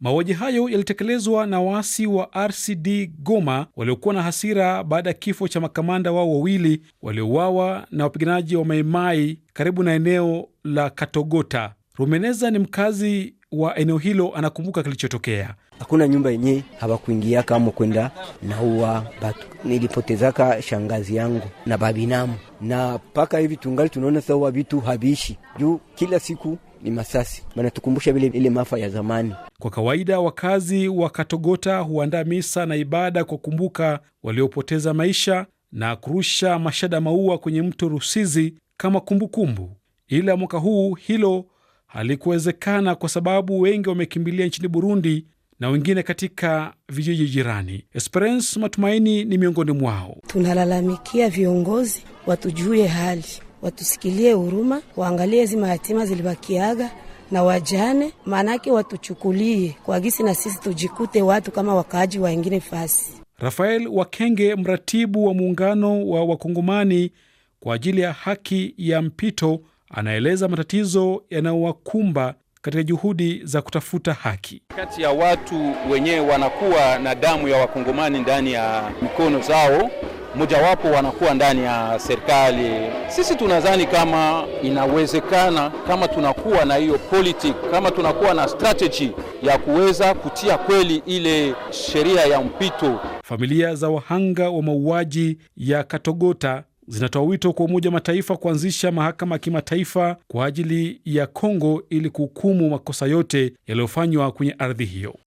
Mauaji hayo yalitekelezwa na waasi wa RCD Goma waliokuwa na hasira baada ya kifo cha makamanda wao wawili waliouawa na wapiganaji wa Maimai karibu na eneo la Katogota. Rumeneza ni mkazi wa eneo hilo, anakumbuka kilichotokea. Hakuna nyumba yenye hawakuingia kama kwenda naua batu. Nilipotezaka shangazi yangu na babinamu, na mpaka hivi tungali tunaona sawa vitu haviishi juu kila siku ni masasi, banatukumbusha vile ile maafa ya zamani. Kwa kawaida wakazi wa Katogota huandaa misa na ibada kwa kumbuka waliopoteza maisha na kurusha mashada maua kwenye mto Rusizi kama kumbukumbu kumbu. Ila mwaka huu hilo halikuwezekana kwa sababu wengi wamekimbilia nchini Burundi na wengine katika vijiji jirani. Esperance Matumaini ni miongoni mwao. Tunalalamikia viongozi watujue hali watusikilie huruma, waangalie hizi mayatima zilibakiaga na wajane, maanake watuchukulie kwa gisi na sisi tujikute watu kama wakaaji waengine fasi. Rafael Wakenge, mratibu wa muungano wa wakongomani kwa ajili ya haki ya mpito, anaeleza matatizo yanayowakumba katika juhudi za kutafuta haki. Kati ya watu wenyewe wanakuwa na damu ya wakongomani ndani ya mikono zao mojawapo wanakuwa ndani ya serikali. Sisi tunadhani kama inawezekana, kama tunakuwa na hiyo politic, kama tunakuwa na strategy ya kuweza kutia kweli ile sheria ya mpito. Familia za wahanga wa mauaji ya Katogota zinatoa wito kwa Umoja wa Mataifa kuanzisha mahakama ya kimataifa kwa ajili ya Kongo ili kuhukumu makosa yote yaliyofanywa kwenye ardhi hiyo.